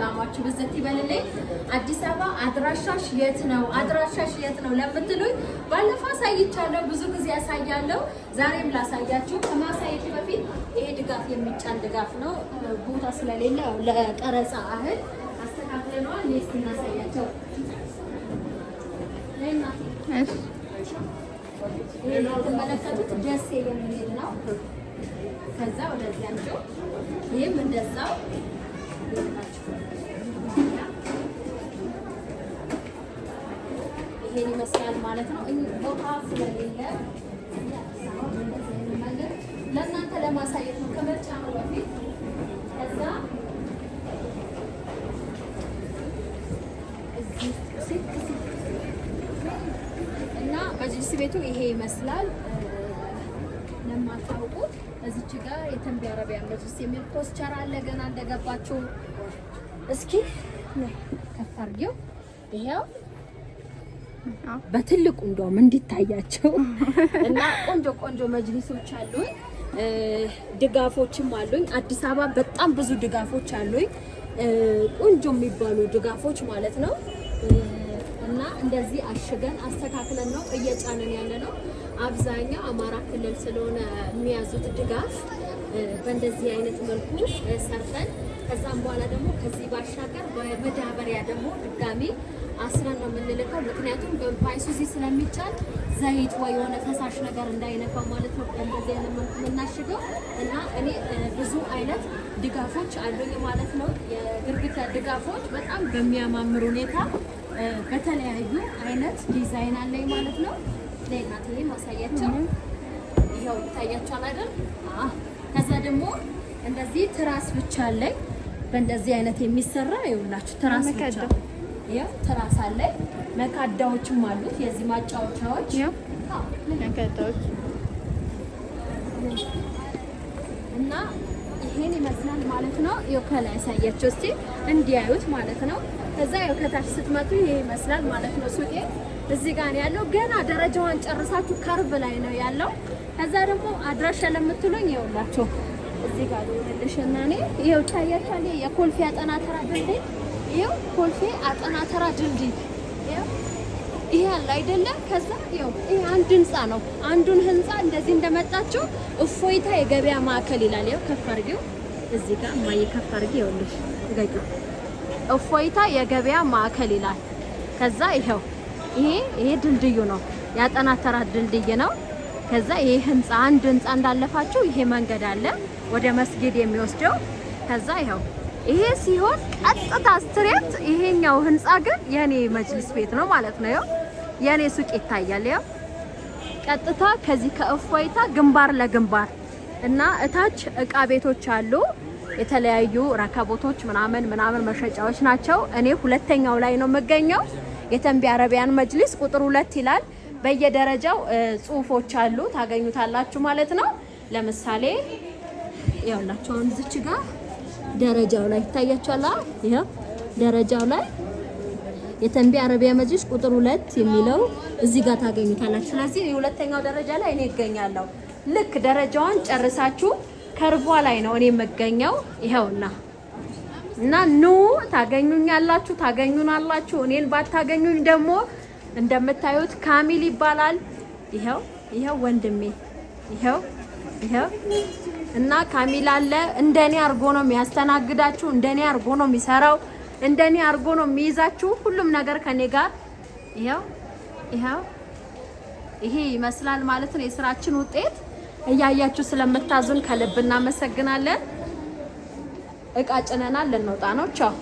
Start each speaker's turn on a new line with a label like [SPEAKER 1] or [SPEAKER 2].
[SPEAKER 1] ሰላማችሁ ብዝት ይበልልኝ። አዲስ አበባ አድራሻሽ የት ነው? አድራሻሽ የት ነው ለምትሉኝ ባለፈው አሳይቻለሁ፣ ብዙ ጊዜ ያሳያለሁ። ዛሬም ላሳያችሁ። ከማሳየት በፊት ይሄ ድጋፍ የሚጫን ድጋፍ ነው። ቦታ ስለሌለ ለቀረጻ አህል አስተካክለነዋል። ኔስት እናሳያቸው የምትመለከቱት ደሴ የሚሄድ ነው። ከዛ ወደዚያቸው ይህም እንደዛው ይሄን ይመስላል ማለት ነው። ቦታ ስለሌለ ለእናንተ ለማሳየት ነው ከመርጫ ነው በፊት ከዛ እና መጅልስ ቤቱ ይሄ ይመስላል ለማታውቁት እዚች ጋር የተንቢ አረቢያ መጅልስ የሚል ፖስቸር አለ። ገና እንደገባችሁ እስኪ ከፍ አድርጌው ይሄው
[SPEAKER 2] በትልቁ እንደውም እንዲታያቸው
[SPEAKER 1] እና ቆንጆ ቆንጆ መጅሊሶች አሉኝ፣ ድጋፎችም አሉኝ። አዲስ አበባ በጣም ብዙ ድጋፎች አሉኝ፣ ቆንጆ የሚባሉ ድጋፎች ማለት ነው። እንደዚህ አሽገን አስተካክለን ነው እየጫነን ያለ ነው። አብዛኛው አማራ ክልል ስለሆነ የሚያዙት ድጋፍ በእንደዚህ አይነት መልኩ ሰርተን ከዛም በኋላ ደግሞ ከዚህ ባሻገር በመዳበሪያ ደግሞ ድጋሚ አስረን ነው የምንልከው። ምክንያቱም በአይሱዚ ስለሚቻል ዘይት ወይ የሆነ ፈሳሽ ነገር እንዳይነካው ማለት ነው በእንደዚህ አይነት መልኩ የምናሽገው እና እኔ ብዙ አይነት ድጋፎች አሉኝ ማለት ነው። የግርግዳ ድጋፎች በጣም በሚያማምር ሁኔታ በተለያዩ አይነት ዲዛይን አለኝ ማለት ነው። ለእናት ይሄ ማሳያቸው ይኸው ይታያቸዋል አይደል? ከዛ ደግሞ እንደዚህ ትራስ ብቻ አለኝ። በእንደዚህ አይነት የሚሰራ ይኸውላችሁ ትራስ ብቻ ይኸው ትራስ አለኝ። መካዳዎችም አሉት የዚህ ማጫወቻዎች መካዳዎች ማለት ነው። ይኸው ከላይ ያሳያቸው እስቲ እንዲያዩት ማለት ነው። ከዛ ይኸው ከታች ስትመጡ ይሄ ይመስላል ማለት ነው ሱቄ እዚህ ጋር ነው ያለው። ገና ደረጃዋን ጨርሳችሁ ከርብ ላይ ነው ያለው። ከዛ ደግሞ አድራሻ ለምትሉኝ ይኸውላችሁ እዚህ ጋር ልሽና እኔ ይኸው ታያችኋል። የኮልፌ አጠና ተራ ድልድይ ይኸው ኮልፌ አጠና ተራ ድልድይ ይሄ አለ አይደለም። ከዛ ይኸው ይሄ አንድ ህንፃ ነው። አንዱን ህንፃ እንደዚህ እንደመጣችሁ እፎይታ የገበያ ማዕከል ይላል። ይኸው ከፍ አድርጊው እዚህ ጋር ማይከፍ አድርጌ ይኸውልሽ እገጩ እፎይታ የገበያ ማዕከል ይላል። ከዛ ይኸው ይሄ ይሄ ድልድዩ ነው፣ ያጠናተራት ድልድይ ነው። ከዛ ይሄ ህንፃ አንድ ህንፃ እንዳለፋችሁ ይሄ መንገድ አለ ወደ መስጊድ የሚወስደው። ከዛ ይኸው ይሄ ሲሆን ቀጥታ ስትሬት፣ ይሄኛው ህንፃ ግን የኔ መጅልስ ቤት ነው ማለት ነው። ይኸው የኔ ሱቅ ይታያል። ይኸው ቀጥታ ከዚህ ከእፎይታ ግንባር ለግንባር እና እታች እቃ ቤቶች አሉ የተለያዩ ረከቦቶች ምናምን ምናምን መሸጫዎች ናቸው። እኔ ሁለተኛው ላይ ነው የምገኘው። የተንቢ አረቢያን መጅሊስ ቁጥር ሁለት ይላል። በየደረጃው ጽሁፎች አሉ ታገኙታላችሁ ማለት ነው። ለምሳሌ ያውላችሁ አሁን እዚች ጋር ደረጃው ላይ ይታያችኋል። ይሄው ደረጃው ላይ የተንቢ አረቢያ መጅሊስ ቁጥር ሁለት የሚለው እዚህ ጋር ታገኙታላችሁ። ስለዚህ ሁለተኛው ደረጃ ላይ እኔ እገኛለሁ። ልክ ደረጃዋን ጨርሳችሁ ከርቧ ላይ ነው እኔ የምገኘው። ይኸውና እና ኑ ታገኙኛላችሁ፣ ታገኙናላችሁ። እኔን ባታገኙኝ ደግሞ እንደምታዩት ካሚል ይባላል። ይኸው ይኸው ወንድሜ ይኸው ይኸው እና ካሚል አለ። እንደኔ አርጎ ነው የሚያስተናግዳችሁ፣ እንደኔ አርጎ ነው የሚሰራው፣ እንደኔ አርጎ ነው የሚይዛችሁ። ሁሉም ነገር ከኔ ጋር ይኸው ይኸው ይሄ ይመስላል ማለት ነው የስራችን ውጤት። እያያችሁ ስለምታዙን ከልብ እናመሰግናለን። እቃ ጭነናል፣ ልንወጣ ነው። ቻው